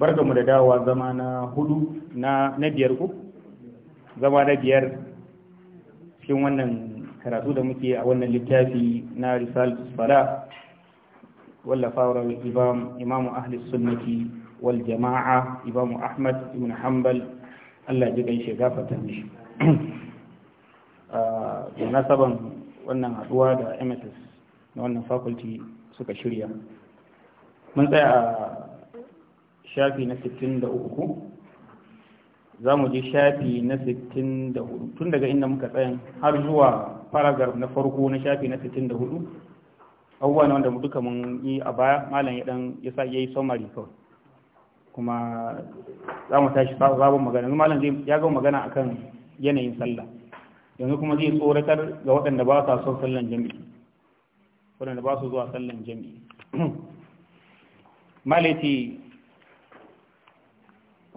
mu da dawowa zama na hudu na biyar ku zama na biyar cikin wannan karatu da muke a wannan littafi na risal sala wallafawar imam imam ahli sunnati wal jama'a imam ahmad ibn hanbal Allah ji gaishe gafarta ne. a ah, nasaban wannan haduwa da MSS na wannan faculty suka shirya mun tsaya a shafi na 63 za mu ji shafi na 64 tun daga inda muka tsayan har zuwa faragar na farko na shafi na 64 abubuwa ne wanda duka mun yi a baya malam ya dan ya sa yayi summary kawai kuma za mu tashi sabon magana malam zai ya gama magana akan yanayin sallah yanzu kuma zai tsoratar ga waɗanda ba sa son sallan jami'i waɗanda ba su zuwa sallan jami'i malati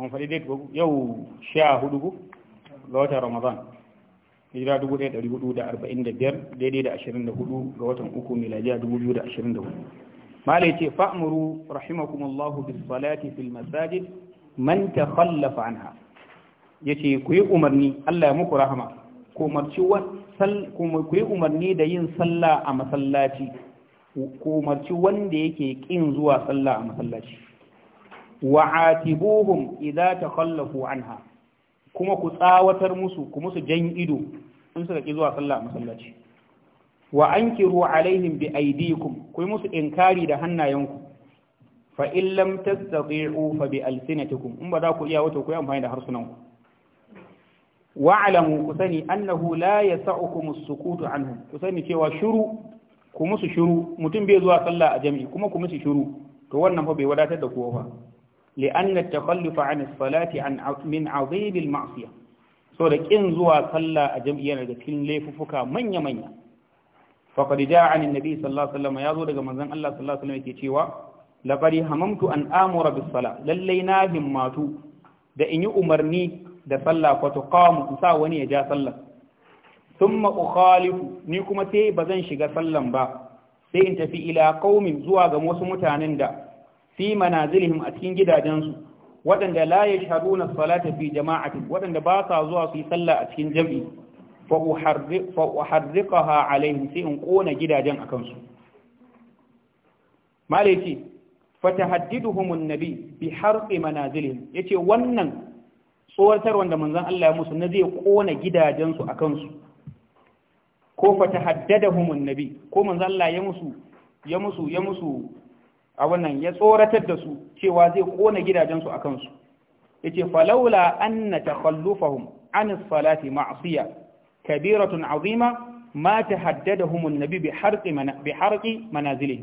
mun faɗi date ko yau sha hudu ko ga watan ramadan hijira biyar daidai da ashirin da 24 ga watan uku miladiya 2024 malai ce fa'muru rahimakumullahu bis salati fil masajid man takhallafa anha Ya ce ku yi umarni Allah ya muku rahama ku marci ku yi umarni da yin sallah a masallaci ku marci wanda yake kin zuwa sallah a masallaci wa atibuhum idza takhallafu anha kuma ku tsawatar musu kuma su jan ido in suka ki zuwa sallah masallaci wa ankiru alaihim bi aydikum ku musu inkari da hannayenku fa in lam tastati'u fa bi alsinatikum in ba za ku iya wato ku yi amfani da harsunanku wa'lamu ku sani annahu la yasa'ukum as-sukutu anhum ku sani cewa shuru, ku musu shuru. mutum bai zuwa sallah a jami'i kuma ku musu shiru to wannan fa bai wadatar da kowa ba لأن التخلف عن الصلاة عن من عظيم المعصية da ƙin zuwa sallah a jam'iyyar daga cikin laifuka manya-manya faqad ja'a an annabi sallallahu alaihi wasallam yazo daga manzon Allah sallallahu alaihi wasallam yake cewa laqad hamamtu an amura bis sala lalle na himmatu da in yi umarni da sallah fa tuqamu sa wani ya ja sallah thumma ukhalifu ni kuma sai ba zan shiga sallan ba sai in tafi ila qaumin zuwa ga wasu mutanen da fi manazilihim a cikin gidajensu waɗanda la yashhaduna salata fi jama'ati waɗanda ba sa zuwa su yi sallah a cikin jam'i fa uharriqaha alaihim sai in kona gidajen akan su malaki fatahaddiduhum annabi bi harqi manazilihim yace wannan tsoratar wanda manzon Allah ya musu na zai kona gidajensu akan su ko fatahaddadahum annabi ko manzon Allah ya musu ya musu ya musu abin nan ya tsoratar da su cewa zai kona gidajensu a kansu yace falaula anna takhallufahum an salati ma'siya kabiratun azima ma tahaddadahum an-nabi bi harqi bi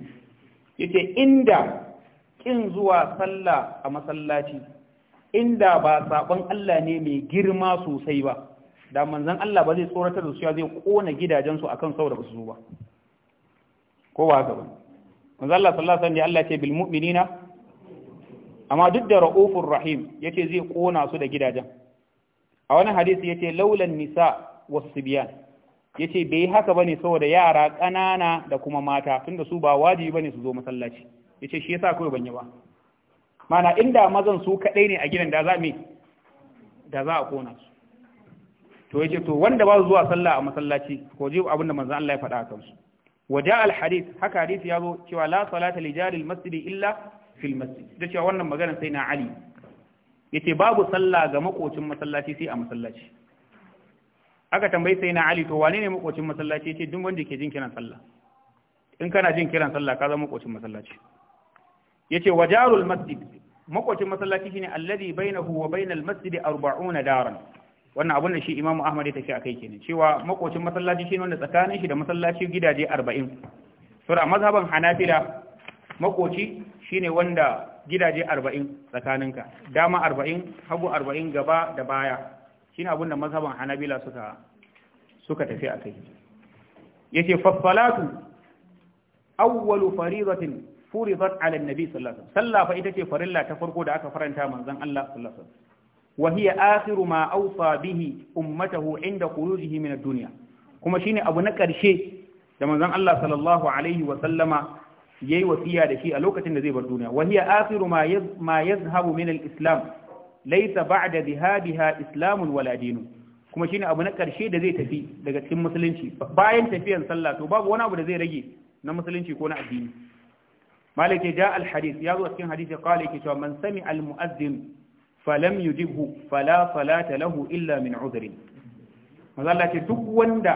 Ya ce yace inda kin zuwa sallah a masallaci inda ba sabon Allah ne mai girma sosai ba da manzon Allah ba zai tsoratar da su ya zai kona gidajensu akan saboda ba su zo ba ko ba haka ba manzo Allah sallallahu alaihi wasallam Allah ce bil mu'minina amma duk da raufur rahim yace zai kona su da gidajen a wani hadisi yace laulan nisa sibyan yace bai haka bane saboda yara kanana da kuma mata tunda su ba wajibi bane su zo masallaci yace shi yasa kawai banye ba mana inda mazan su kadai ne a gidan da za me da za a kona su to yace to wanda ba su zuwa sallah a masallaci ko ji abinda manzo Allah ya faɗa a kansu Waje al-hadith haka hadisi ya zo cewa la salata li jari al-masjid illa fil masjid da cewa wannan magana sai na Ali yace babu sallah ga makocin masallaci sai a masallaci aka tambayi sai na Ali to wane ne makocin masallaci yace duk wanda ke jin kiran sallah in kana jin kiran sallah ka zama makocin masallaci yace wajarul masjid makocin masallaci shine alladhi bainahu wa bainal masjid 40 daran wannan abun da shi imamu ahmad ya tafi akai kenan cewa makocin masallaci shi wanda tsakanin shi da masallaci gidaje 40 sura mazhaban hanafila makoci shine wanda gidaje 40 tsakaninka dama 40 hagu 40 gaba da baya shine abun da mazhaban hanabila suka suka tafi akai yace fassalatu awwal faridatin furidat ala an-nabi sallallahu alaihi wasallam salla fa ita ce farilla ta farko da aka faranta manzon Allah sallallahu alaihi wasallam wa hiya akhiru ma awsa bihi ummatahu inda khurujihi min duniya? kuma shine abu na karshe da manzon Allah sallallahu alaihi wa sallama yayi wasiya da shi a lokacin da zai bar duniya wa hiya akhiru ma ma yazhabu min al-islam laysa ba'da dhahabiha islamun wala dinun kuma shine abu na karshe da zai tafi daga cikin musulunci bayan tafiyan sallah to babu wani abu da zai rage na musulunci ko na addini مالك ya zo يروى في حديث قال كتاب من سمع المؤذن falam yujibhu fala salata lahu illa min udhrin maza Allah ce duk wanda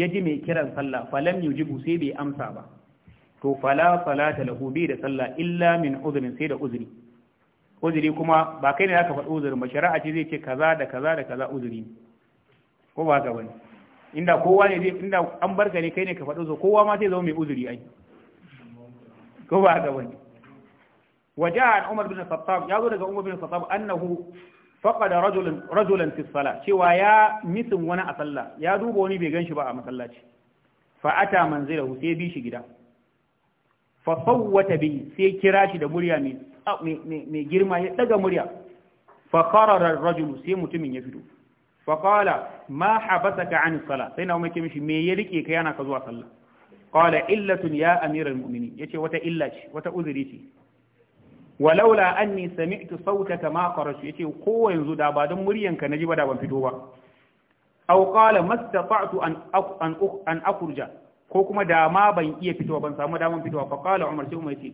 ya ji mai kiran sallah falam yujibhu sai bai amsa ba to fala salata lahu bi da sallah illa min udhrin sai da uzuri uzuri kuma ba kai ne zaka faɗi uzurin ba shari'a ce zai ce kaza da kaza da kaza uzuri ko ba ga bane inda kowa ne zai inda an barka ne kai ne ka faɗi uzuri kowa ma sai zama mai uzuri ai ko ba ga bane waje an umar bin khattab ya zo daga umar bin khattab annahu faqada rajulan rajulan fi cewa ya misin wani a sallah ya duba wani bai ganshi ba a masallaci fa ata manzilahu sai bi shi gida fa sawwata bi sai kira da murya mai girma ya daga murya fa qarara rajulu sai mutumin ya fito fa qala ma habasaka an salat sai na umar ke me ya rike ka yana ka zuwa sallah qala illatun ya amiral ya ce wata illa ce wata uzuri ce walaula anni sami'tu sautaka ma qarashu yace ko yanzu da ba don muryanka naji ba da ban fito ba aw qala mastata'tu an an an akurja ko kuma da ma ban iya fitowa ban samu daman fitowa fa qala umar sai umar yace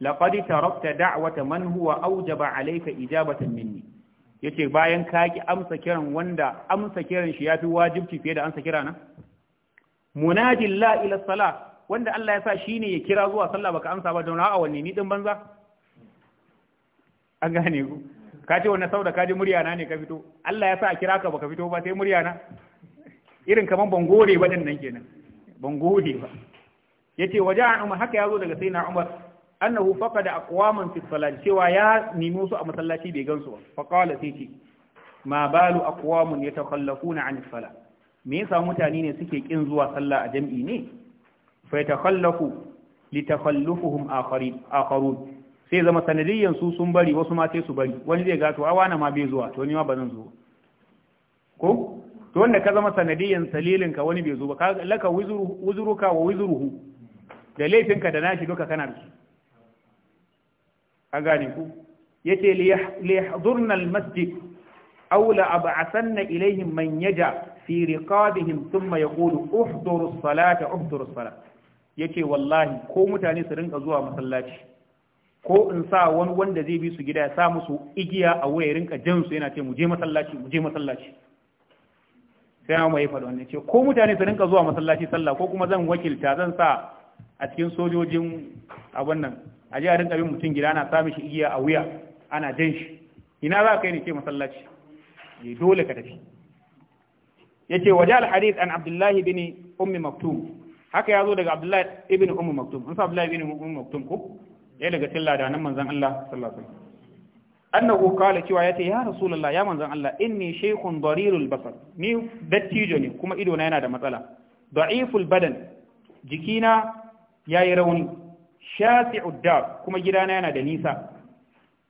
laqad tarakta da'wata man huwa awjaba alayka ijabatan minni yace bayan ka ki amsa kiran wanda amsa kiran shi yafi wajibci fiye da amsa kirana munajin la ila sala wanda Allah ya sa shine ya kira zuwa sallah baka amsa ba don ha'a wanne ni din banza an gane ku ka ce wannan saboda ka ji muryana ne ka fito Allah ya sa a kira ka baka fito ba sai muryana. irin kamar ban gode ba gore waɗannan kenan ban gode ba yace waje an umar haka yazo daga sayyidina umar annahu faqada aqwaman fi salat cewa ya nemi su a masallaci bai gansu ba fa qala sai ce ma balu aqwamun yatakhallafuna an salat me yasa mutane ne suke kin zuwa sallah a jam'i ne fa yatakhallafu litakhallufuhum akharin akharun sai zama sanadiyyan su sun bari wasu ma sai su bari wani zai gato a wani ma bai zuwa to ni ma ba zan zo ko to wanda ka zama sanadiyyan salilin ka wani bai zo ba ka laka wuzuruka wa wuzuruhu da laifinka da nashi duka kana da su a gane ku yace li yahdurna al masjid aw la ab'athanna ilayhim man yaja fi riqabihim thumma yaqulu uhduru as-salata uhduru as-salata yace wallahi ko mutane su rinka zuwa masallaci ko in sa wani wanda zai bi su gida ya sa musu igiya a waya rinka jan su yana ce mu je masallaci mu je masallaci sai ya mai faɗi wannan ce ko mutane su rinka zuwa masallaci sallah ko kuma zan wakilta zan sa a cikin sojojin abun nan a je a rinka bin mutum gida ana sa mishi igiya a wuya ana jan shi ina za ka yi ne ce masallaci ya eh, dole ka tafi yace waje al-hadith an abdullah ibn ummi maktum haka yazo daga abdullah ibn ummi maktum an sa abdullah ibn ummi maktum ko ɗaya daga cikin nan manzan Allah sallallahu alaihi annahu qala cewa yace ya rasulullah ya manzan Allah inni shaykhun darirul basar ni dattijo ne kuma ido na yana da matsala da'iful badan jikina yayi rauni shasi'ud dar kuma gidana yana da nisa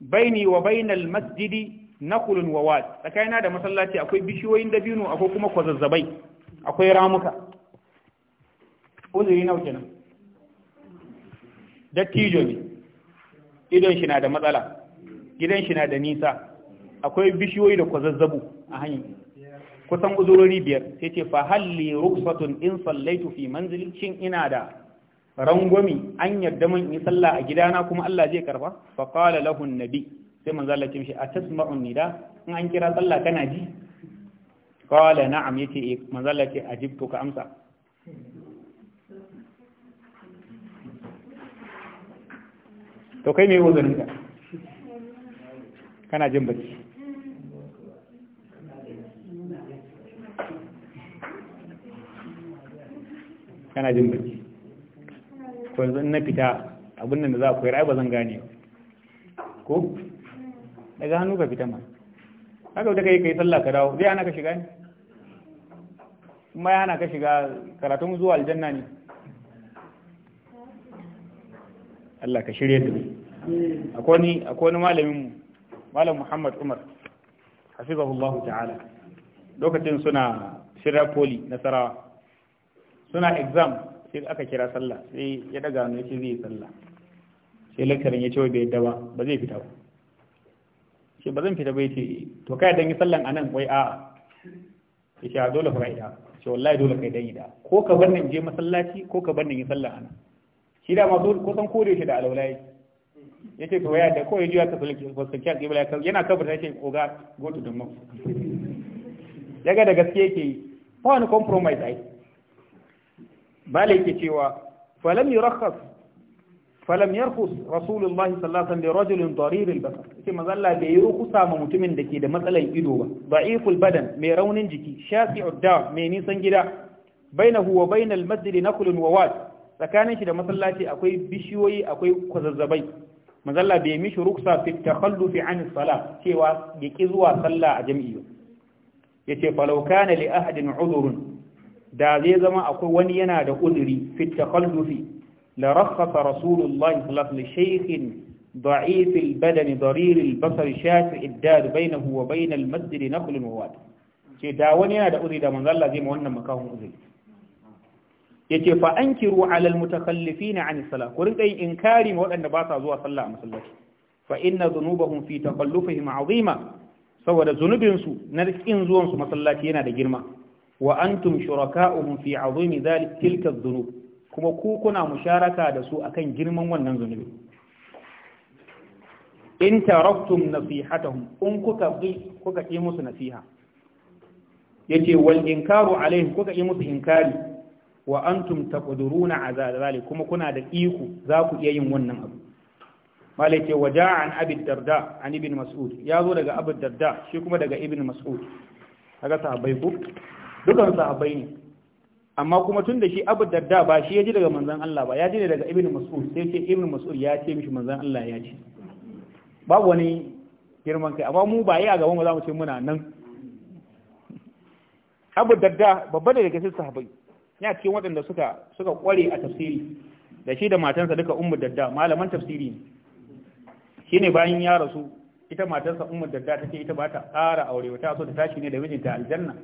baini wa bainal masjidi nakulun wa wad tsakanina da masallaci akwai bishiyoyin dabino akwai kuma kwazazzabai akwai ramuka uzuri nau nan dattijo ne idon shi na da matsala gidan shi na da nisa akwai bishiyoyi da kwazazzabu a hanyar kusan uzurori biyar sai ce fa halli ruksatun in sallaitu fi manzili shin ina da rangwami an yadda man in sallah a gidana kuma Allah zai karfa fa qala lahu nabi sai manzo Allah ce a tasma'un nida in an kira salla kana ji qala na'am yace eh. manzo Allah ce ajibtu ka amsa to kai me ka kana jin bacci kana jin bacci ko yanzu na fita abin nan da za a koyar ai ba zan gane ko daga hannu ka fita ma haka wata kai kai sallah ka dawo zai ana ka shiga ne kuma ya ana ka shiga karatun zuwa aljanna ne Allah ka shirye da akwai wani malamin mu malam Muhammad Umar hafizahullahu ta'ala lokacin suna shirya poli nasarawa suna exam sai aka kira sallah sai ya daga wani shi zai sallah sai lakarin ya ce bai yadda ba ba zai fita ba shi ba zan fita ba ce to kai dan yi sallan anan wai a'a Ya sha dole fa kai da ce wallahi dole kai dan yi da ko ka bar nan je masallaci ko ka bar nan yi sallan anan shi da masu kusan kore shi da alaulai ya ce kawai ya ta kawai juya ta fuskanci a ƙibla yana kabarta shi oga go to the mouth ya ga da gaske ke yi ba wani compromise ai bala yake cewa falam yurakhas falam yarkhus rasulullahi sallallahu alaihi wasallam li rajulin darir al-basar sai manzo Allah bai yi rukusa ma mutumin da ke da matsalan ido ba da'iful badan mai raunin jiki shafi'ud da mai nisan gida bainahu wa bainal masjid naqlun wa wad tsakanin shi da masallaci akwai bishiyoyi akwai kwazazzabai mazalla bai mishi ruksa fi takhallufi an sala cewa ya ki zuwa sallah a jami'i yace falau kana li ahadin udhurun da zai zama akwai wani yana da uduri fi takhallufi la rakhasa rasulullahi sallallahu alaihi wasallam shaykhin ضعيف البدن ضرير البصر شاسع الدار بينه وبين المسجد نقل وواد ce da wani yana da uzuri da manzo zai ma wannan makahon uzuri yace fa ankiru ala almutakhallifina an salah ku rinka yin inkari ma waɗanda ba sa zuwa sallah a masallaci fa inna dhunubahum fi takhallufihim azima saboda zunubin su na rikin zuwan su masallaci yana da girma wa antum shuraka'uhum fi azimi dhalik tilka adh kuma ku kuna musharaka da su akan girman wannan zunubi in taraktum nasihatahum in kuka bi kuka yi musu nasiha yace wal inkaru alaihim kuka yi musu inkari wa antum taqdiruna azalali kuma kuna da iko za ku iya yin wannan abu malai ce waja an abi darda an ibn mas'ud ya zo daga abu darda shi kuma daga ibn mas'ud kaga sahabbai ku dukan sahabbai ne amma kuma tun da shi abu darda ba shi ya ji daga manzon Allah ba ya ji ne daga ibn mas'ud sai ce ibn mas'ud ya ce mishi manzon Allah ya ce babu wani girman kai amma mu ba yi a gaban mu za mu ce muna nan abu darda babba ne daga cikin sahabbai ya cikin waɗanda suka suka kware a tafsiri da shi da matansa duka ummu dadda malaman tafsiri ne shine bayan ya rasu ita matansa ummu dadda take ita ba ta ƙara aure ta so ta tashi ne da mijinta aljanna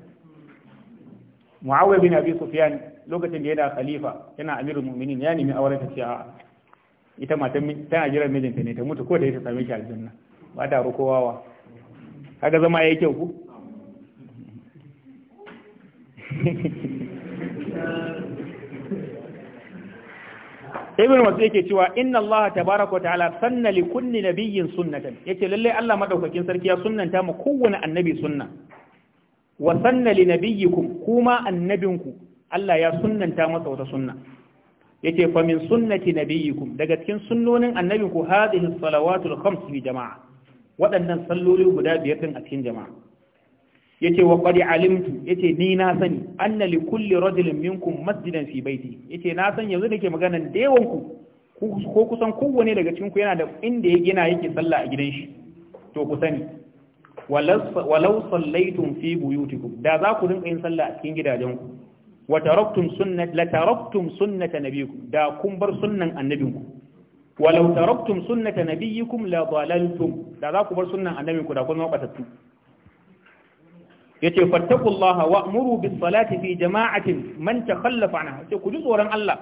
Muawiya bin Abi Sufyan lokacin da yana khalifa yana amirul mu'minin ya nemi auren ta cewa ita matan tana jiran mijinta ne ta mutu ko da ita same shi aljanna ba ta rukowawa kaga zama yayi kyau ku ibn wasu yake cewa inna Allah tabaraka wa ta'ala sanna li kulli nabiyyin sunnatan yace lalle Allah madaukakin sarki ya sunnanta mu kowane annabi sunna wa sanna li nabiyyikum kuma annabinku Allah ya sunnanta masa wata sunna yace fa min sunnati nabiyyikum daga cikin sunnonin annabinku hadhihi salawatul khams bi jama'a waɗannan salloli guda biyar din a cikin jama'a yace wa qad alimtu yace ni na sani annali li kulli rajulin minkum masjidan fi baiti yace na san yanzu dake magana da yawan ko kusan kowane daga cikin ku yana da inda ya gina yake sallah a gidan shi to ku sani walau sallaitum fi buyutikum da za ku rinka yin sallah a cikin gidajenku ku wa taraktum sunnat la taraktum sunnata nabiyikum da kun bar sunnan annabinku walau taraktum sunnata nabiyikum la dalaltum da za ku bar sunnan annabinku da kun zama batattu yace fattaqullaha wa'muru bis salati fi jama'atin man takhallafa anha yace ku ji tsoron Allah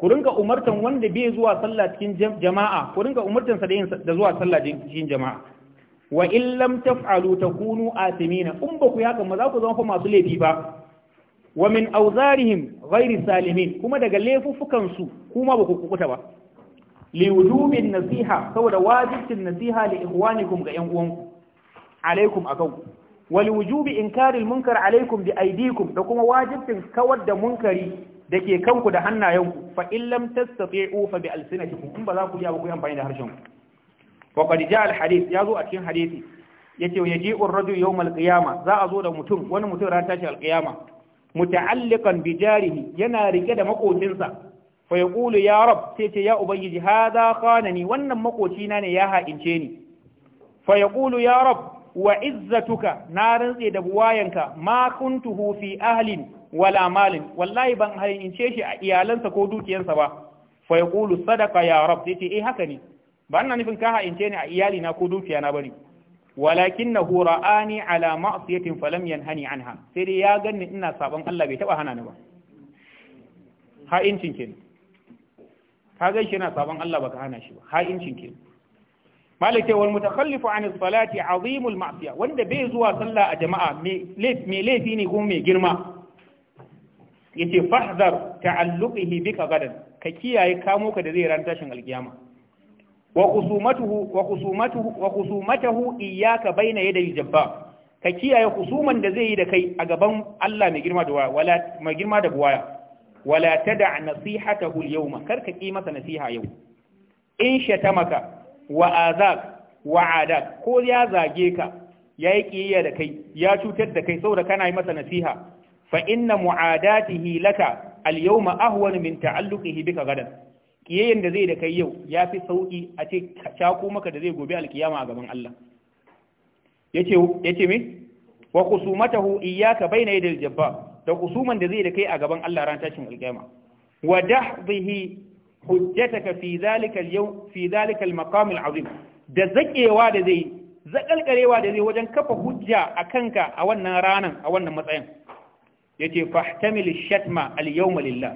ku rinka umartan wanda bai zuwa sallah cikin jama'a ku rinka umartan sa da zuwa sallah cikin jama'a wa in lam taf'alu takunu in ba ku haka ma za ku zama fa masu laifi ba wa min awzarihim ghairi salimin kuma daga laifufukan su kuma ba ku kukuta ba li wujubin nasiha saboda wajibin nasiha li ihwanikum ga yan uwanku alaikum akan wal wujubi inkaril munkar alaikum bi aidikum da kuma wajibin kawar da munkari da ke kanku da hannayenku fa in lam tastati'u fa bi alsinatikum in ba za ku iya ba ku yi amfani da harshen ku wa qad ja'a al hadith ya zo a cikin hadisi yace yaji'u ar-rajul yawm al-qiyama za a zo da mutum wani mutum ran tashi al-qiyama muta'alliqan bi jarihi yana rike da makocinsa fa yaqulu ya rab sai ce ya ubangiji hadha khanani wannan makocina ne ya haƙince ni fa yaqulu ya rab wa izzatuka na rantse da buwayanka ma kuntuhu fi ahlin wala malin wallahi ban ce shi a iyalansa ko dukiyansa ba fa yaqulu sadaqa ya rab yace eh haka ne ba ina nufin ka halince ni a iyali na ko dukiya na bari walakinahu ra'ani ala ma'siyatin falam yanhani anha sai dai ya ganni ina saban Allah bai taba hana ni ba ha'incin kenan ka gaishe na saban Allah baka hana shi ba ha'incin kenan malaka wal mutakhallifu an salati azimul ma'siya wanda bai zuwa sallah a jama'a me laifi ne kuma mai girma yace fahdhar ta'alluqihi bika gadan ka kiyaye kamo ka da zai ran tashin alkiyama wa khusumatuhu wa khusumatuhu wa khusumatuhu iyyaka bayna yadayil jabba ka kiyaye khusuman da zai yi da kai a gaban Allah mai girma da wala mai girma da waya wala tada nasihatahu al-yawma kar ka ki masa nasiha yau in shatamaka wa azak wa adak ko ya zage ka ya yi kiyayya da kai ya cutar da kai saboda kana yi masa nasiha fa inna mu'adatihi laka al-yawma ahwan min ta'alluqihi bika gadan kiyayyen da zai da kai yau ya fi sauki a ce cako maka da zai gobe alkiyama a gaban Allah yace yace me wa qusumatahu iyyaka bayna yadil jabbar da kusuman da zai da kai a gaban Allah ran tashin alkiyama wa dahdihi hujjataka fi zalika al fi zalika al-maqam al-azim da zakewa da zai zakalkarewa da zai wajen kafa hujja a kanka a wannan ranan a wannan matsayin yace fahtamil shatma al-yawm lillah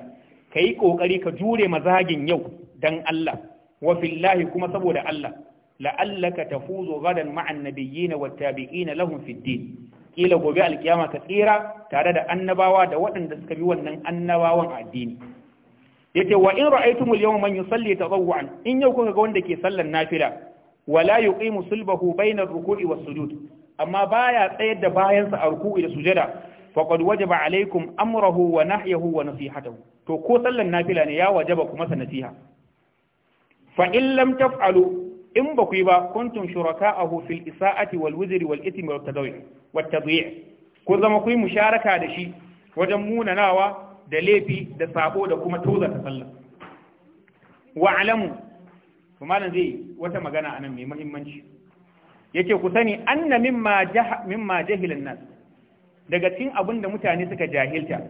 kai kokari ka jure mazagin yau dan Allah wa fillahi kuma saboda Allah la'allaka tafuzu gadan ma'an nabiyyin wat tabi'in lahum fid din kila gobe alkiyama ka tsira tare da annabawa da waɗanda suka bi wannan annabawan addini yace wa in ra'aytumul yawma man yusalli tadawwan in yau kuka ga wanda ke sallan nafila wala yuqimu sulbahu bainar ruku'i was sujud amma baya tsayar da bayansa a ruku'i da sujada faqad wajaba alaikum amrahu wa nahyahu wa nasihatahu to ko sallan nafila ne ya wajaba kuma sa nasiha fa in lam taf'alu in ba ku yi ba kuntum shuraka'ahu fil isa'ati wal wuzri wal ithmi wat tadwi' wat tadwi' zama ku yi musharaka da shi wajen munanawa da laifi da sabo da kuma toza sallah wa alamu to malam zai wata magana anan mai muhimmanci yace ku sani anna mimma jah mimma jahilan nas daga cikin abin da mutane suka jahilta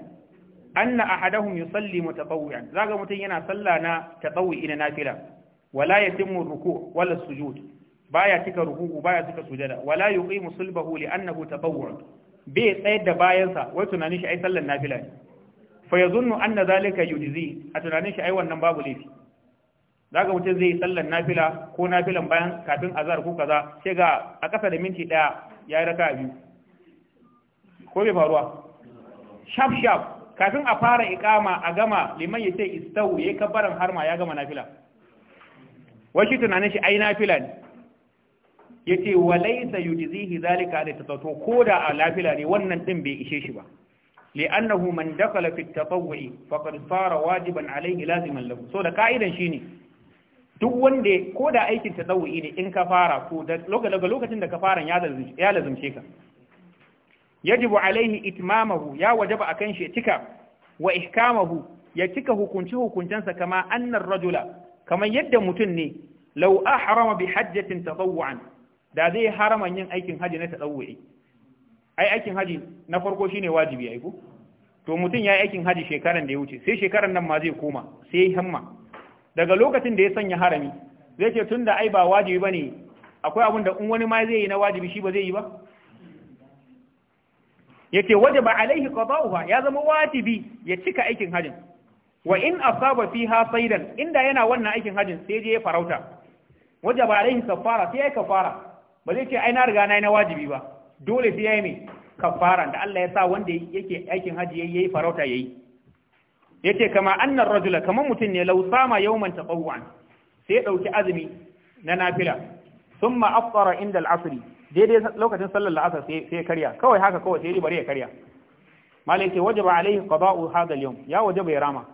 anna ahadahum yusalli mutatawwi'an zaga mutun yana sallah na tatawwi na nafila wala yatimmu ruku' wala sujud baya cika ruku'u baya cika sujada wala yuqimu sulbahu li'annahu tatawwu' bai tsayar da bayansa wai tunanin shi ai sallar nafila ne fa anna zalika yujzi a tunanin shi ai wannan babu laifi zaka mutum zai yi sallar nafila ko nafilan bayan kafin azhar ko kaza sai ga a kasa da minti ɗaya, ya yi raka biyu ko bai faruwa shaf shaf kafin a fara ikama a gama liman ya ce istawu ya kabbaran harma ya gama nafila washi tunanin shi ai nafila ne yace walaysa yujzihi zalika da tasawu ko da a nafila ne wannan din bai ishe shi ba li'annahu man dakala fi tatawwu'i faqad sara wajiban alayhi laziman lahu so da ka'idan shine duk wanda ko da aikin tatawwu'i ne in ka fara ko da lokacin da ka fara ya lazumce ka yajibu alaihi itmamahu ya wajaba akan shi cika wa ihkamahu ya cika hukunci hukuncensa kama annar rajula kamar yadda mutum ne law ahrama bi hajjatin tatawwu'an da zai harama yin aikin haji na tatawwu'i ai aikin haji na farko shine wajibi ai ko to mutum ya yi aikin haji shekaran da ya wuce sai shekaran nan ma zai koma sai hamma daga lokacin da ya sanya harami zai ce tun da ai ba wajibi ba ne akwai abin da in wani ma zai yi na wajibi shi ba zai yi ba ya ce waje ba alaihi qada'uha ya zama wajibi ya cika aikin hajin wa in asaba fiha saidan inda yana wannan aikin hajin sai je ya farauta waje ba alaihi kafara sai ya kafara ba zai ce ai na riga na yi na wajibi ba dole sai yayi mai kafara da Allah ya sa wanda yake aikin haji yayi farauta yayi yace kama annar rajula kaman mutun ne law sama yawman tatawwan sai ya dauki azumi na nafila thumma afṭara inda al-'asr daidai lokacin sallar la'asar sai sai karya kawai haka kawai sai bari ya karya malai ce wajaba alaihi qada'u hadha al-yawm ya wajaba ya rama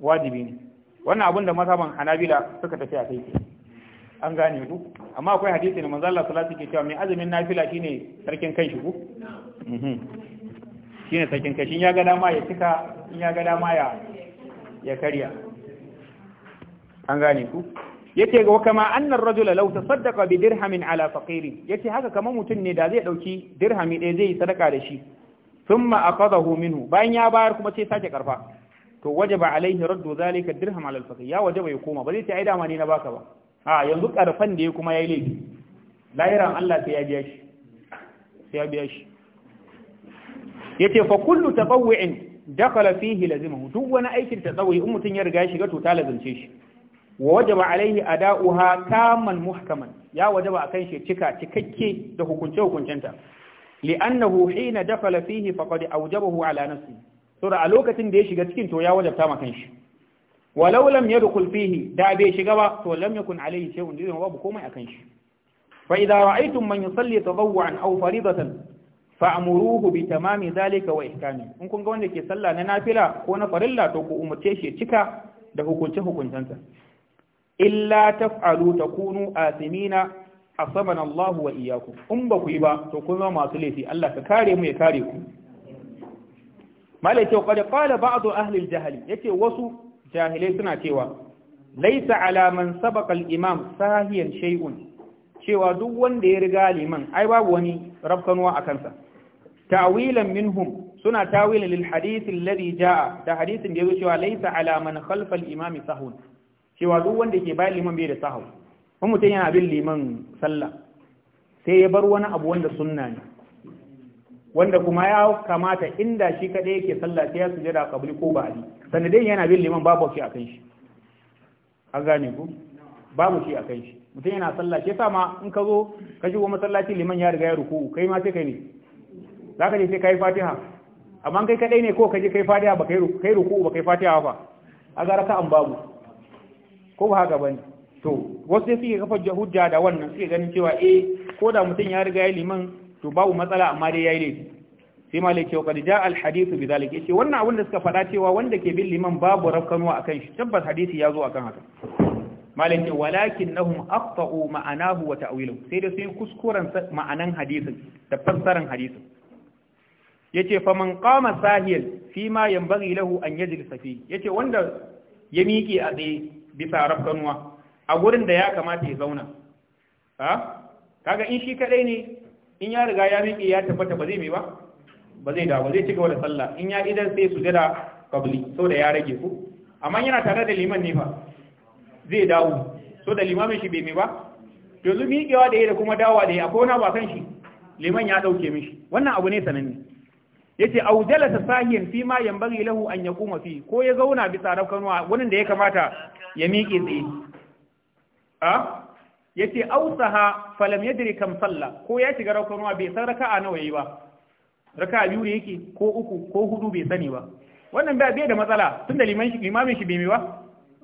wajibi ne wannan abin da mazhaban hanabila suka tafi a kai an gane ku amma akwai hadisi ne manzo Allah sallallahu alaihi cewa mai azumin nafila shine sarkin kai shi ku mhm. shine sarkin kai shin ya ga dama ya cika in ya ga dama ya ya karya an gane ku yace ga kuma annar rajul law tasaddaqa bi dirhamin ala faqiri yace haka kamar mutum ne da zai dauki dirhami ɗaya zai yi sadaka da shi thumma aqadahu minhu bayan ya bayar kuma sai sake karfa to wajaba alaihi raddu zalika dirham ala alfaqir ya wajaba ya koma ba zai ce ai dama ne na baka ba a yanzu karfan da ya kuma ya yi laifi lahiran Allah sai ya biya shi sai ya biya shi yace fa kullu tatawwu'in dakala fihi lazimahu duk wani aikin ta tsawai in mutum ya riga shiga to ta lazimce shi wa wajaba alaihi ada'uha kaman muhkaman ya wajaba akan shi cika cikakke da hukunce hukuncenta li'annahu hina dakala fihi faqad awjabahu ala nafsihi saboda a lokacin da ya shiga cikin to ya wajabta ma kanshi walau lam yadkhul fihi da bai shiga ba to lam yakun alayhi shay'un dinin babu komai akan shi fa idza ra'aytum man yusalli tadawwan aw faridatan fa'muruhu bi tamami dhalika wa ihkami in kun ga wanda ke sallah na nafila ko na farilla to ku umarce shi cika da hukunce hukuntansa illa taf'alu takunu asimina asabana Allah wa iyyakum in ba ku yi ba to kun zama masu laifi Allah ka kare mu ya kare ku malai ce qad qala ba'd ahli al-jahl yace wasu jahilai suna cewa laisa ala man sabaqa al-imam sahiyan shay'un cewa duk wanda ya riga liman ai babu wani rafkanuwa a kansa ta'wilan minhum suna tawilan lil hadith alladhi jaa da hadisin da yazo cewa laisa ala man khalfa al-imam sahun cewa duk wanda ke bayan liman bai da sahu in mutum yana bin liman sallah sai ya bar wani abu wanda sunna ne wanda kuma ya kamata inda shi kaɗai yake sallah sai ya sujada kabli ko ba'di sanadin yana bin liman babu shi akan shi an gane ku babu shi akan shi mutum yana sallah shi yasa ma in ka zo ka shigo masallaci liman ya riga ya ruku kai ma sai kai ne za ka je sai kai fatiha amma kai kadai ne ko ka je kai fatiha ba kai ruku kai ruku ba kai fatiha ba a ga raka'an babu ko ba haka bane to wasu sai suke kafa hujja da wannan suke ganin cewa eh ko da mutum ya riga ya liman to babu matsala amma dai yayi laifi sai malik ce qad al hadith bi zalika yace wannan abin da suka fada cewa wanda ke bin liman babu rafkanwa akan shi tabbas hadisi ya zo akan haka malik ce walakinnahum aqta'u ma'anahu wa ta'wiluhu sai da sun kuskuren ma'anan hadisin da fassaran hadisin yace man qama sahil fi ma yanbaghi lahu an yajlisa fi yace wanda ya miƙe a tsaye bisa rafkanuwa a gurin da ya kamata ya zauna ha kaga in shi kadai ne in ya riga ya miƙe ya tabbata ba zai mai ba ba zai dawo zai cika da sallah in ya idan sai su kabli so da ya rage ku amma yana tare da liman ne fa zai dawo so da limamin shi bai mai ba yanzu miƙewa da ya da kuma dawa da ya akwai wani ba kan shi liman ya ɗauke mishi wannan abu ne sananne yace aw jalasa sahiyan fi ma yanbaghi lahu an yaquma fi ko ya zauna bisa rafkanuwa wannan da ya kamata ya miƙe tsaye a ah? yace ausaha falam yadri kam salla ko ya shiga raka'a bai san raka'a nawa yayi ba raka'a biyu yake ko uku ko hudu bai sani ba wannan ba bai da matsala tun liman limamin shi bai ba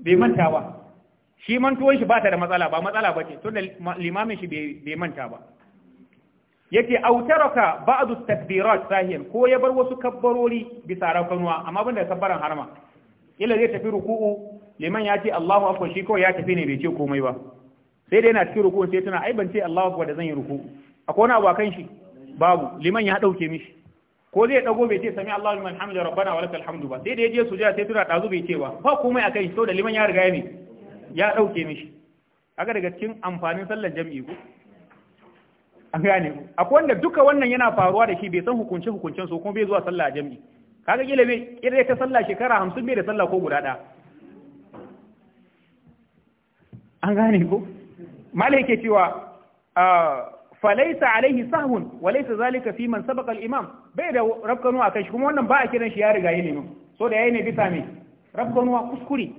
bai manta ba shi mantuwan shi ba ta da matsala ba matsala ba ce da limamin shi bai manta ba yake autaraka ba'du takbirat sahiyan ko ya bar wasu kabbarori bisa rakanuwa amma banda kabbaran harma ila zai tafi ruku'u liman ya ce Allahu akwai shi kawai ya tafi ne bai ce komai ba sai dai yana cikin ruku sai tana ai ban ce Allahu akbar da zan yi ruku akwai wani abu a kan shi babu liman ya dauke mishi ko zai dago bai ce sami Allahu liman hamdu rabbana wa lakal hamdu ba sai dai je sujada sai tana dazu bai ce ba ba komai akan shi saboda liman ya riga ya ne ya dauke mishi kaga daga cikin amfanin sallar jami'i ko an gane ku akwai wanda duka wannan yana faruwa da shi bai san hukunce hukuncen su kuma bai zuwa sallah a jami'i kaga kila bai kira ta sallah shekara hamsin bai da sallah ko guda ɗaya an gane ku malai yake cewa ah, falaisa alaihi sahun walaisa zalika fi man sabaqa al-imam bai da rafkanu akan shi kuma wannan ba a kiran shi ya riga yi ne so da yayi ne bisa me rafkanu wa kuskure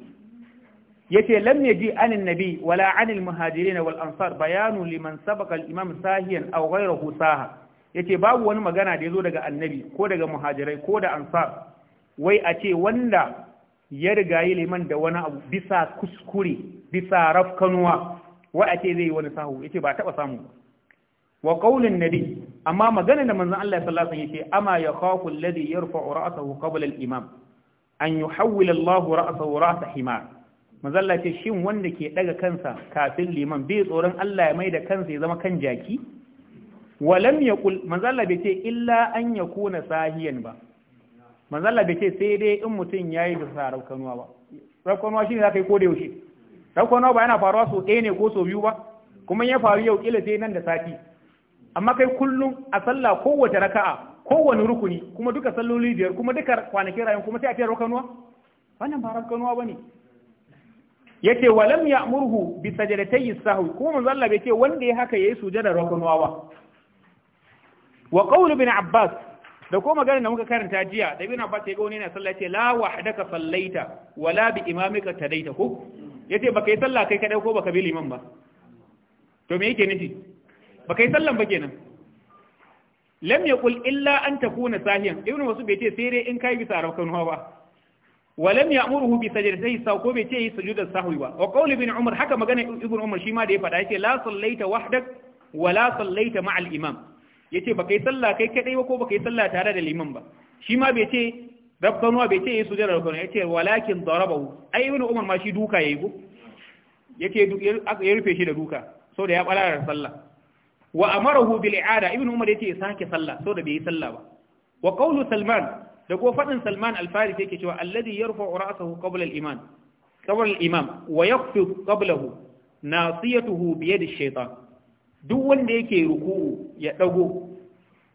yace lam yaji anin nabi wala al muhajirin wal ansar bayanu liman sabaqa al-imam sahiyan aw ghayruhu saha yace babu wani magana da yazo daga annabi ko daga muhajirai ko da ansar wai a ce wanda ya riga yi liman da wani abu bisa kuskure bisa rafkanuwa wa a ce zai wani sahu ya ce ba taɓa samu ba wa ƙaunin nabi amma magana da manzan Allah sallallahu alaihi ya ce ama ya ya alladhi wa ra'asa qabla al-imam an yi yuhawwila Allah wa ra'asa himar manzon Allah yace shin wanda ke ɗaga kansa kafin liman bai tsoron Allah ya maida kansa ya zama kan jaki walam yaqul manzon Allah bai ce illa an ya kuna sahiyan ba manzon Allah bai ce sai dai in mutum ya yi da saraukanuwa ba saraukanuwa shine zaka yi ko da yaushe tankwana ba yana faruwa sau ɗaya ne ko sau biyu ba kuma ya faru yau ƙila sai nan da sati amma kai kullum a sallah kowace raka'a kowane rukuni kuma duka salloli biyar kuma duka kwanakin rayuwa kuma sai a fiyar kanuwa wannan ba kanuwa bane wa lam ya'murhu bi sajadatayhi sahwi kuma manzo Allah bai ce wanda ya haka yayi sujada kanuwa ba wa qawlu bin abbas da ko magana da muka karanta jiya da bin abbas ya ga wani yana sallah yace la wahdaka sallaita wala bi imamika tadaita ko yace baka yi sallah kai kadai ko baka bi liman ba to me yake nufi baka yi sallan ba kenan lam yaqul illa an takuna sahiyan ibnu wasu bai ce sai dai in kai bisa rakan hawa, wa lam ya'muruhu bi sajdatihi sa ko bai ce yi sujudar sahwi ba wa qawl ibn umar haka magana ibn umar shi ma da ya faɗa yace la sallaita wahdak wa la sallaita ma'al imam yace baka yi sallah kai kadai ba ko baka yi sallah tare da liman ba shi ma bai ce rabbanuwa bai ce yi sujada rabbanuwa ya ce walakin darabahu ai ibnu umar ma shi duka yayi ko yake ya rufe shi da duka so da ya balara sallah wa amarahu bil i'ada ibnu umar yace ya sake sallah so da bai yi sallah ba wa qawlu salman da ko fadin salman al-farisi yake cewa alladhi yarfa'u ra'sahu qabla al-iman qabla al-imam wa yakhfidu qablahu nasiyatuhu bi yadi shaytan duk wanda yake ruku'u ya dago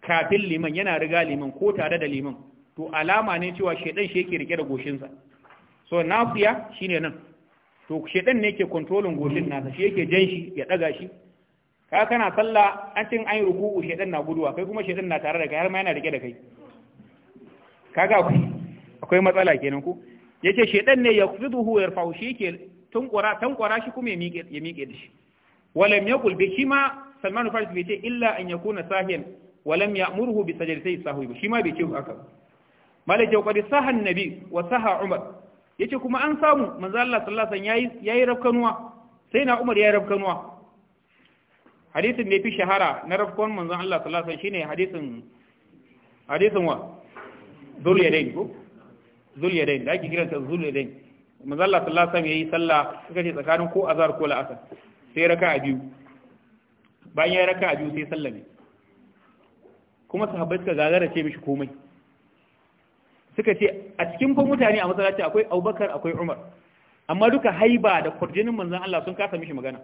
kafin liman yana riga liman ko tare da liman to alama ne cewa shedan shi yake rike da goshinsa so nafiya shine nan to shedan ne yake controlling goshin nasa shi yake jan shi ya daga shi ka kana sallah an cin an yi ruku'u shedan na guduwa kai kuma shedan na tare da kai har ma yana rike da kai kaga akwai akwai matsala kenan ku yace shedan ne ya fiduhu ya rfa'u shi yake tunkura tunkura shi kuma ya miƙe ya miƙe da shi walam yaqul bi shima salman farisi bai ce illa an yakuna sahiyan walam ya'muruhu bi sajdatayhi sahwi shi ma bai ce haka malaka kwadi sahan nabi wa saha umar yace kuma an samu manzo Allah sallallahu alaihi wasallam yayi rafkanuwa sai na umar yayi rafkanuwa hadisin ne fi shahara na rafkon manzo Allah sallallahu alaihi wasallam shine hadisin hadisin wa zul yadain ko zul yadain da ake kiranta zul yadain manzo Allah sallallahu alaihi wasallam yayi sallah suka ce tsakanin ko azhar ko la'asar sai raka'a biyu bayan ya raka'a biyu sai sallame kuma sahabbai suka gagara ce mishi komai suka ce a cikin ko mutane a masallaci akwai Abubakar akwai Umar amma duka haiba da kurjinin manzan Allah sun kasa mishi magana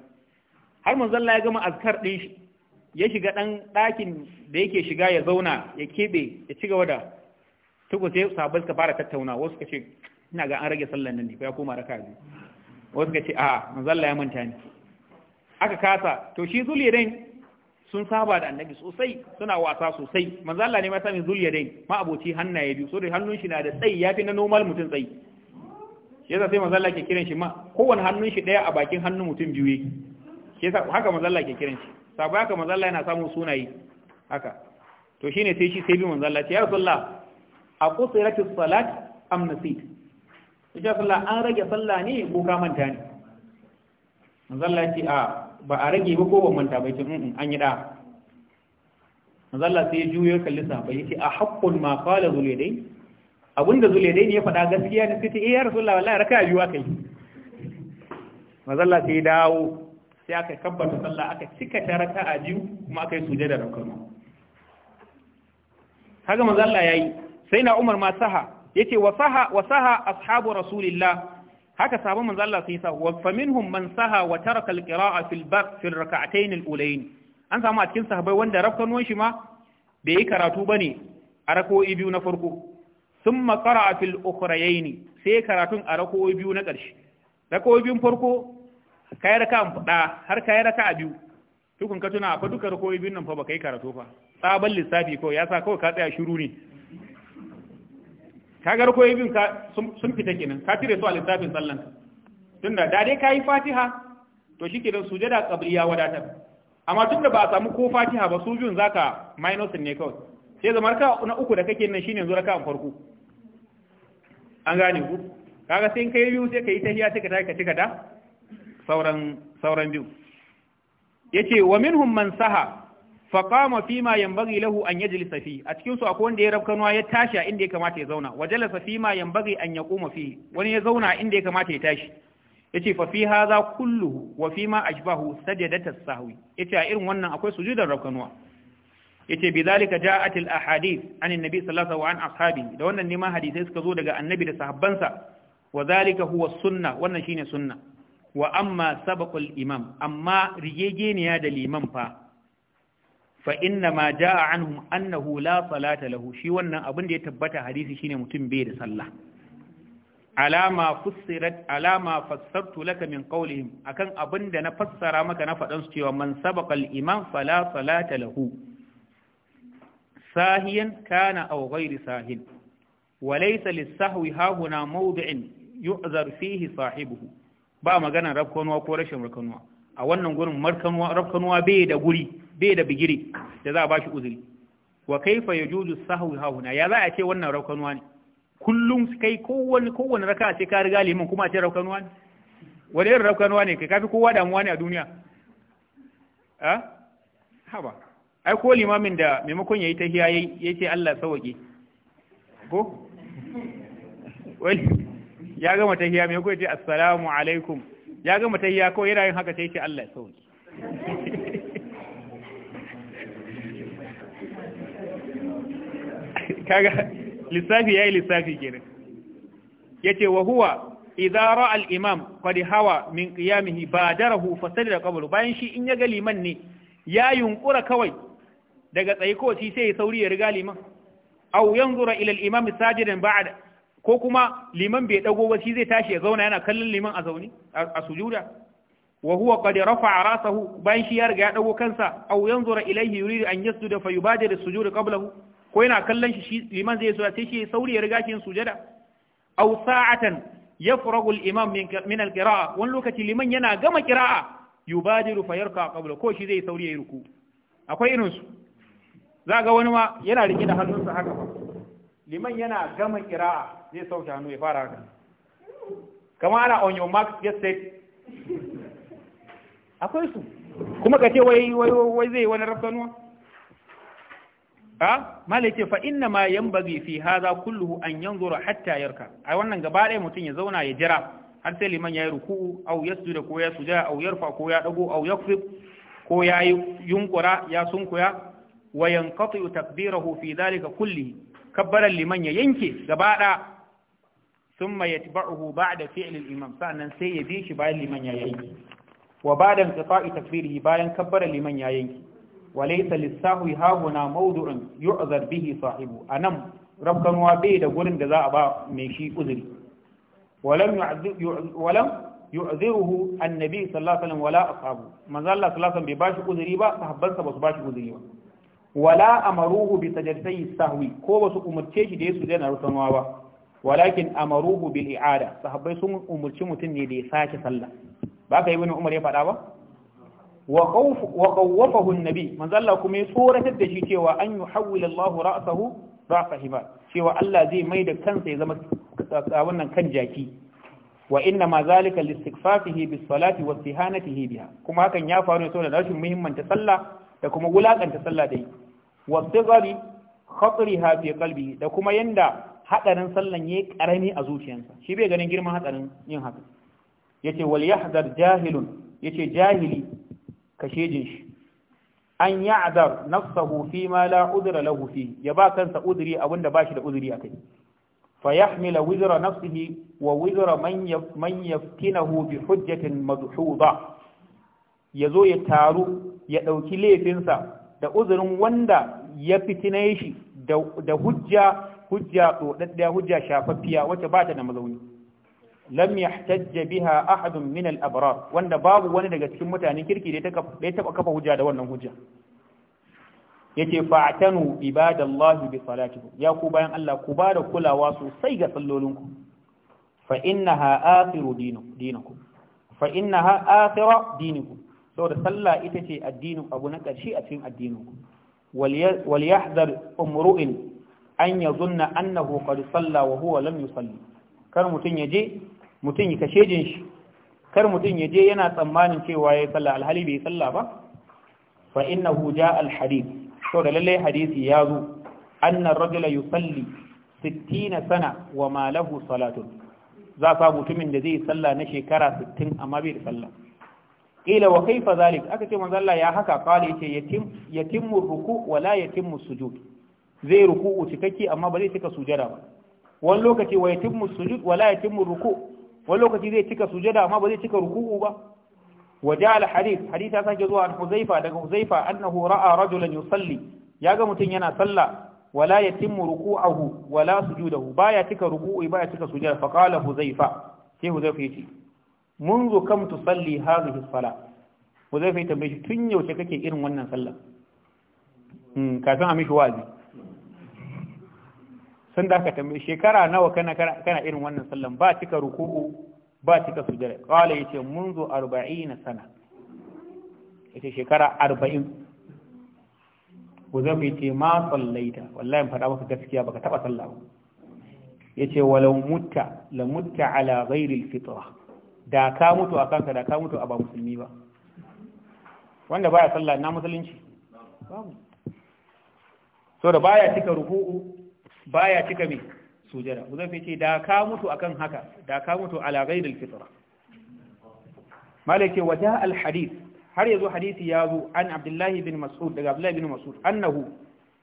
har manzan Allah ya gama azkar ɗin ya shiga ɗan ɗakin da yake shiga ya zauna ya keɓe, ya ci gaba da tuku sai suka fara tattauna wasu suka ce ina ga an rage sallan nan ne ko ya koma raka wasu suka ce a manzan Allah ya manta ni aka kasa to shi zulirin sun saba da annabi sosai suna wasa sosai manzo Allah ne ma sami zul dai ma aboci hannaye biyu so da hannun shi na da tsayi yafi na normal mutum tsayi yasa sai manzo Allah ke kiran shi ma kowanne hannun shi daya a bakin hannun mutum biyu yake yasa haka manzo Allah ke kiran shi sabu haka manzo Allah yana samun sunaye haka to shine sai shi sai bi manzo Allah ya rasulullah a qusiratis salat am nasit ya rasulullah an rage sallah ne ko ka manta ne manzo Allah ya ce a ba a rage ba ko ban manta bai ce in an yi da mazalla sai juyo kalli sahabbai yace a haqqul ma qala zulayday abinda zulayday ne ya faɗa gaskiya ne sai ta eh ya rasulullah wallahi raka biyu akai mazalla sai dawo sai aka kabbata sallah aka cika ta raka'a biyu kuma aka yi sujada da kuma kaga mazalla yayi sai na Umar ma saha yace wa saha wa saha ashabu rasulillah haka sabon manzo Allah sai sa wa faminhum man saha wa taraka alqira'a fil bar fil rak'atayn al-ulayn an samu a cikin sahabbai wanda rafkanuwan shi ma bai yi karatu bane a rako'i biyu na farko thumma qara'a fil ukhrayayn sai karatun a rako'i biyu na ƙarshe rako'i biyun farko kai raka an fada har kai raka a biyu tukun ka tuna fa duka rako'i biyun nan fa baka yi karatu fa sabon lissafi ko ya sa kawai ka tsaya shiru ne ka ga ko bin ka sun fita kenan ka tire su a lissafin sallan ka tunda da dai kayi fatiha to dan sujada qabriya wadata. amma tunda ba a samu ko fatiha ba su zaka minus ne kawai sai zamar ka na uku da kake nan shine yanzu raka farko an gane ku kaga sai kai biyu sai kai tahiyya sai ka tafi ka cika da sauran sauran biyu yace wa minhum man saha faqama fi ma yanbaghi lahu an yajlisa fi a cikin su akwai wanda ya rabkanwa ya tashi a inda ya kamata ya zauna wa jalasa fi ma yanbaghi an yaquma fi wani ya zauna inda ya kamata ya tashi yace fa fi hadha kulluhu wa fi ma ajbahu ta sahwi yace a irin wannan akwai sujudar rabkanwa yace bi zalika ja'at al ahadith an annabi sallallahu alaihi wa ashabi da wannan ne ma hadisai suka zo daga annabi da sahabbansa wa zalika huwa sunna wannan shine sunna wa amma sabaqul imam amma rigegeniya da liman fa fa inna ma jaa anhum annahu la salata lahu shi wannan abin da ya tabbata hadisi shine mutum bai da sallah alama fussirat alama fassartu laka min qawlihim akan abin da na fassara maka na fadan su cewa man sabaqa al imam fala salata lahu sahiyan kana aw ghairi sahin wa laysa lis sahwi hahuna mawdi'in yu'zar fihi sahibuhu ba magana rabkanuwa ko rashin rabkanuwa a wannan gurin rabkanuwa bai da guri bai da bigiri da za a bashi uzuri wa kaifa yajuzu sahwi hauna ya za a ce wannan raukanuwa ne kullum kai kowanne kowanne raka ce ka riga liman kuma ce raukanuwa ne wani irin raukanuwa ne kai kafi kowa damuwa ne a duniya a ah? haba ai ko limamin da maimakon yayi tahiya yayi ce Allah sauke ko wani ya gama tahiya maimakon ya ce assalamu alaikum ya gama tahiya kawai yana yin haka sai ce Allah sauke kaga lissafi yayi lissafi kenan yace wa huwa idza ra'a al imam qad hawa min qiyamihi badarahu fasalida qablu bayan shi in ya ga liman ne ya yunkura kawai daga tsaye ko shi sai ya sauri ya riga liman aw yanzura ila al imam sajidan ba'da ko kuma liman bai dago ba shi zai tashi ya zauna yana kallon liman a zaune a sujuda wa huwa qad rafa'a rasahu bayan shi ya riga ya dago kansa aw yanzura ilayhi yuridu an yasjuda fayubadiru as qablahu ko yana kallon shi liman zai so sai shi sauri ya riga shi sujada aw sa'atan yafragu al-imam min al-qira'a wani lokaci liman yana gama qira'a yubadiru fa yarka qabla ko shi zai sauri ya ruku akwai irin su za ga wani ma yana rike da hannunsa haka ba liman yana gama qira'a zai sauke hannu ya fara haka kama ana on your mark get set akwai su kuma ka ce wai wai wai zai wani rafsanuwa a fa inna ma yanbaghi fi hadha kulluhu an yanzura hatta yarka ai wannan gaba ɗaya mutum ya zauna ya jira har sai liman yayi ruku'u aw yasjuda ko ya suja aw yarfa ko ya dago aw yakfif ko ya yunkura ya sunkuya wa yanqati takbirahu fi dhalika kulli kabbaran liman ya yanke gaba ɗaya thumma yatba'uhu ba'da fi'l al-imam nan sai ya bi bayan liman ya yanke wa ba'da inqita'i takbirihi bayan kabbara liman ya yanke walaysa lisahu hahuna mawdu'un yu'zar bihi sahibu anan rafkanwa bai da gurin da za a ba mai shi uzuri walam walam yu'ziruhu annabi sallallahu alaihi wasallam wala ashabu manzo Allah sallallahu alaihi bai bashi uzuri ba sahabbansa ba su bashi uzuri ba wala amaruhu bi sajdatayhi sahwi ko ba su umurce shi da yasu da rafkanwa ba walakin amaruhu bil i'ada sahabbai sun umurci mutum ne da ya sake sallah ba ka yi wani umar ya faɗa ba wa khawwafahu an-nabi manzo Allah kuma ya tsoratar da shi cewa an yuhawwil Allah ra'sahu ra'sa himar cewa Allah zai mai da kansa ya zama wannan kan jaki wa inna ma zalika listighfafihi bis salati wa istihanatihi biha kuma hakan ya faru ne saboda rashin muhimmanta sallah da kuma wulakanta sallah dai wa sigari khatriha fi qalbi da kuma yanda hadarin sallan yayi karami a zuciyarsa shi bai ganin girman hadarin yin haka yace wal yahzar jahilun yace jahili kashejin shi an ya'zar nafsahu fi ma la udra lahu fi ya ba kansa udri abinda shi da udri akai fa yahmila wizra nafsihi wa wizra man man yaftinahu bi hujjatin madhuda yazo ya taru ya dauki laifinsa da uzurin wanda ya fitine shi da hujja hujja hujja shafaffiya wacce ba ta da mazauni lam yahtajja biha ahadun min al-abrar wanda babu wani daga cikin mutanen kirki da ya taba kafa hujja da wannan hujja yace fa'tanu ibadallahi bi salatikum ya ku bayan Allah ku ba da kulawa sosai ga sallolinku fa innaha akhiru dinikum fa innaha dinikum saboda sallah ita ce addinin abu na ƙarshe a cikin addininku wal yahdar umru'in an yazunna annahu qad salla wa huwa lam yusalli kar mutun yaje mutum ya kashe jin shi kar mutum ya je yana tsammanin cewa ya sallah alhali bai sallah ba fa innahu jaa alhadith to da lallai hadisi ya zo anna rajula yusalli 60 sana wa ma lahu salatun za sa mutumin da zai sallah na shekara 60 amma bai da sallah wa kaifa zalik aka ce manzo Allah ya haka kale yace yatim yatimmu ruku wa la yatimmu sujud zai ruku'u cikakke amma ba zai cika sujada ba wani lokaci wa yatimmu sujud wa la yatimmu ruku' wani lokaci zai cika sujada amma ba zai cika ruku'u ba waja al hadith hadith ya sake zuwa an huzaifa daga huzaifa annahu ra'a rajulan yusalli yaga mutun yana sallah wala yatimmu ruku'ahu wala sujudahu baya cika ruku'u baya cika sujada fa qala huzaifa ke huzaifa yace منذ كم تصلي هذه الصلاة وزي yau ce kake irin wannan ونن صلى hmm, a عميش واجي sun da aka tambaye shekara nawa kana kana irin wannan sallan ba cika ruku'u ba cika sujada qala yace munzu 40 sana yace shekara 40 Uzaifa ce ma sallaita wallahi fada maka gaskiya baka taba sallah ba yace walau mutta la mutta ala ghairi alfitra da ka mutu a ka da ka mutu a ba musulmi ba wanda baya sallah na musulunci babu so da baya cika ruku'u baya cika mai sujada huzaifa ce da ka mutu akan haka da ka mutu ala ghairil fitra malai ce waja al hadith har yazo hadisi yazo an abdullahi bin mas'ud daga abdullahi bin mas'ud annahu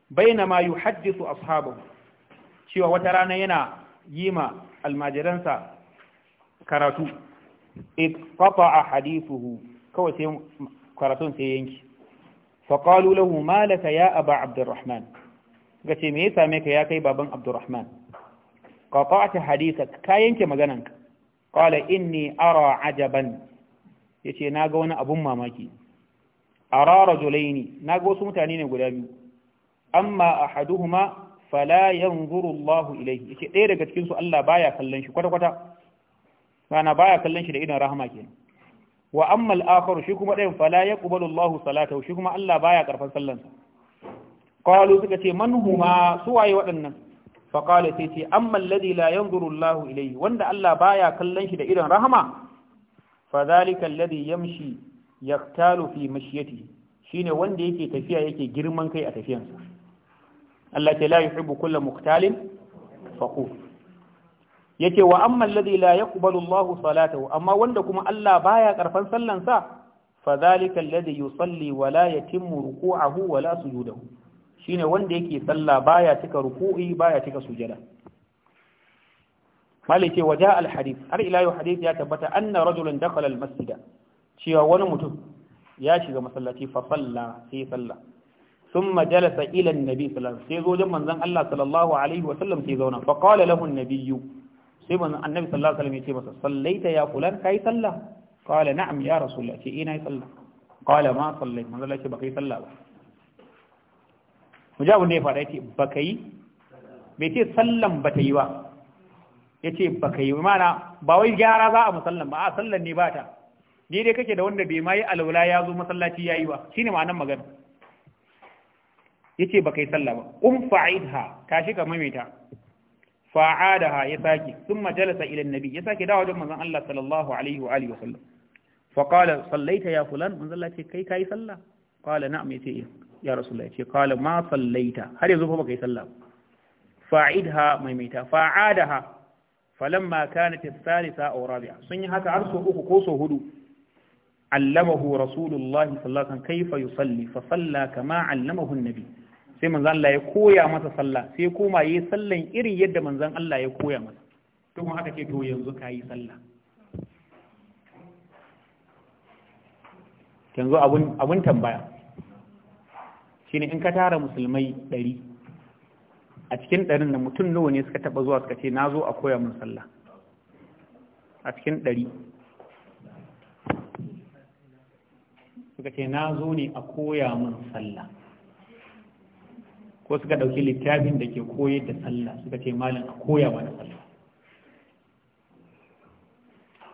bainama yuhaddithu ashabahu cewa wata rana yana yima almajiransa karatu iqta'a hadithuhu kawai sai karatun sai yanki faqalu lahu malaka ya aba abdurrahman ga ce me ya same ka ya kai baban abdurrahman qata'ta hadithak ka yanke magananka qala inni ara ajaban na ga wani abun mamaki ara Na naga wasu mutane ne guda biyu amma ahaduhuma fala yanzuru ilai. Ya ce ɗaya daga cikinsu su Allah baya kallon shi kwata kwata mana baya kallon shi da idan rahama kenan wa amma al shi kuma ɗayan fala yaqbalu Allahu salatahu shi kuma Allah baya karfan sallansa qalu suka ce man huma su waye waɗannan fa sai amma alladhi la yanzuru Allahu ilayhi wanda Allah baya kallon shi da idan rahama fa zalika alladhi yamshi yaktalu fi mashyatihi shine wanda yake tafiya yake girman kai a tafiyansa Allah ta la yuhibbu kullu muqtalin faqur yace wa amma alladhi la yaqbalu Allahu salatahu amma wanda kuma Allah baya karfan sallansa fa zalika alladhi yusalli wa la yatimmu ruku'ahu wa la sujudahu shine wanda yake sallah baya cika ruku'i baya cika sujada malai ce waja alhadith har ila yau ya tabbata anna rajulan dakhala almasjida cewa wani mutum ya shiga masallaci fa salla sai salla thumma jalasa ila annabi sallallahu alaihi wasallam sai zo wajen manzon Allah sallallahu alaihi wasallam sai zauna fa qala lahu annabi sai manzon annabi sallallahu alaihi wasallam ya ce masa sallaita ya fulan kai salla qala na'am ya rasulullah ce ina eh, yi salla qala ma sallai manzon Allah ce ba kai salla ba mu ji abin da ya faɗa yace baka yi bai ce sallan ba ta yi ba yace baka yi mana ba wai gyara za a musallan ba a sallan ne ba ta ni dai kake da wanda bai ma yi alwala ya zo masallaci ya yi ba shine ma'anar magana yace baka yi sallah ba um fa'idha ha ka maimaita fa'adaha ya sake thumma jalasa ila nabi ya sake dawo wajen manzon Allah sallallahu alaihi wa alihi wa sallam fa qala sallaita ya fulan manzon Allah ce kai kai sallah qala na'am yace ce. Eh. ya rasulullahi ce qala ma sallaita har yanzu ba baka yi sallah fa'idha maimaita fa'adaha falamma kanat ath-thalitha aw rabi'a sun yi haka har so uku ko so hudu allamahu rasulullahi sallallahu alaihi wasallam yusalli fa salla kama allamahu an-nabi sai manzon Allah ya koya masa sallah sai kuma yayi sallan irin yadda manzon Allah ya koya masa to kuma haka ce to yanzu kayi sallah yanzu abun tambaya shine in ka tara musulmai ɗari a cikin ɗarin da mutum nawa ne suka taɓa zuwa suka ce na zo a koya mun sallah a cikin ɗari suka ce na zo ne a koya mun sallah ko suka ɗauki littafin da ke koyar da sallah suka ce malin a koya mana sallah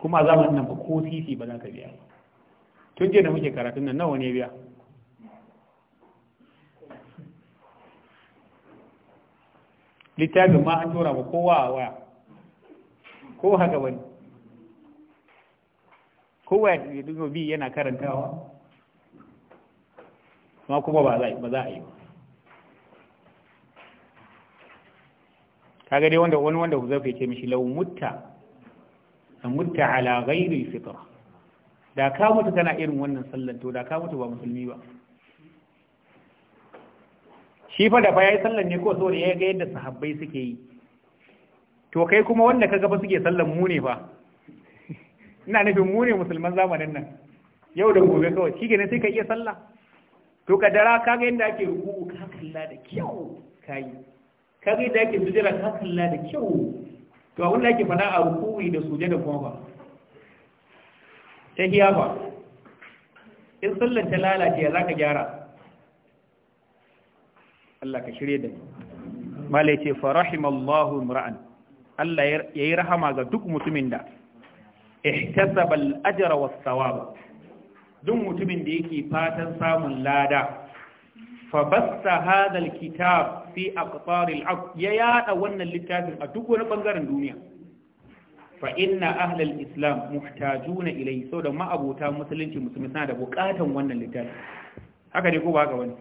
kuma zamanin nan ba ko sisi ba za ka biya tun jiya da muke karatun nan nawa ne biya littafin ma an tura ma kowa a waya ko haka wani kowa ya dubo bi yana karantawa ma kuma ba za a yi ba kaga dai wanda wani wanda Huzaifa ya ce mishi lau mutta A mutta ala gairi fitra da ka mutu tana irin wannan sallanto to da ka mutu ba musulmi ba shi fa da fa yi sallan ne ko saboda ya ga yadda sahabbai suke yi to kai kuma wanda kaga gaba suke sallan mu ne fa ina nufin mu ne musulman zamanin nan yau da gobe kawai shi ne sai ka iya sallah to ka dara ka ga yadda ake ruku ka kalla da kyau yi ka ga yadda ake sujada ka kalla da kyau to abin da ake fada a ruku'i da sujada kuma ba ta hiya ba in sallan ta lalace za ka gyara Allah ka shirye da malai ce fa rahimallahu imra'an Allah yayi rahama ga duk mutumin da ihtasaba ajra was duk mutumin da yake fatan samun lada fa basta hadha al-kitab fi aqtar al-ard ya yada wannan littafin a duk wani bangaren duniya fa inna ahli al-islam muhtajuna ilayhi saboda ma'abota musulunci musulmi suna da bukatan wannan littafin haka ne ko ba haka wani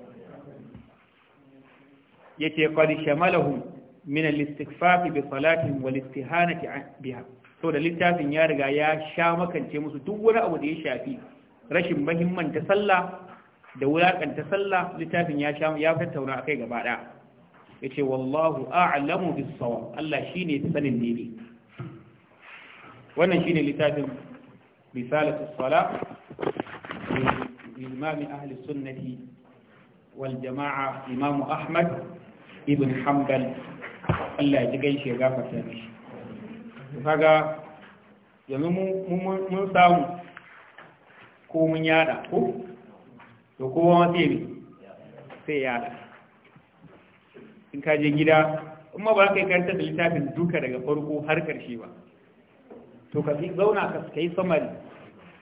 yace qad shamalahum min al-istighfaf bi salatin wal istihanati biha to da littafin ya riga ya sha makance musu duk wani abu da ya shafi rashin muhimmanta sallah da wulakanta sallah littafin ya sha ya tattauna akai gaba daya yace wallahu a'lamu bis sawab Allah shine sanin daidai wannan shine littafin risalatu salat لإمام أهل السنة والجماعة Imam Ahmad. ibn hanbal Allah ya ji gaishe ya gafarta ne kaga yanzu mun samu ko mun yada ko to kowa ma sai ne sai yada in ka je gida kuma ba ka yi karanta da littafin duka daga farko har karshe ba to ka zauna ka kai samari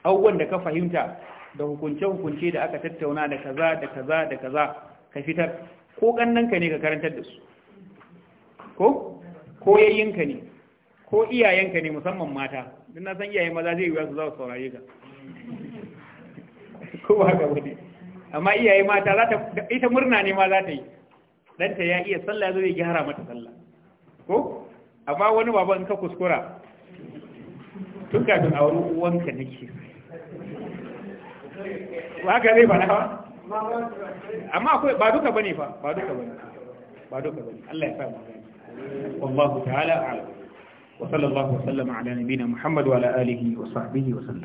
abubuwan da ka fahimta da hukunce-hukunce da aka tattauna da kaza da kaza da kaza ka fitar ko ƙannanka ne ka karantar da su ko ko ne ko iyayenka ne musamman mata din na san iyayen maza zai yiwuwa su za su saurare ka ko ba ka wani amma iyaye mata za ta ita murna ne ma za ta yi ta ya iya sallah zai gyara mata sallah ko amma wani baba in ka kuskura tun kafin a wani uwanka nake ba ka zai na ba amma akwai ba duka bane fa ba duka bane ba duka bane Allah ya sa mu wallahu ta'ala a'lam wa sallallahu wa sallama ala nabiyyina muhammad wa ala alihi wa sahbihi wa sallam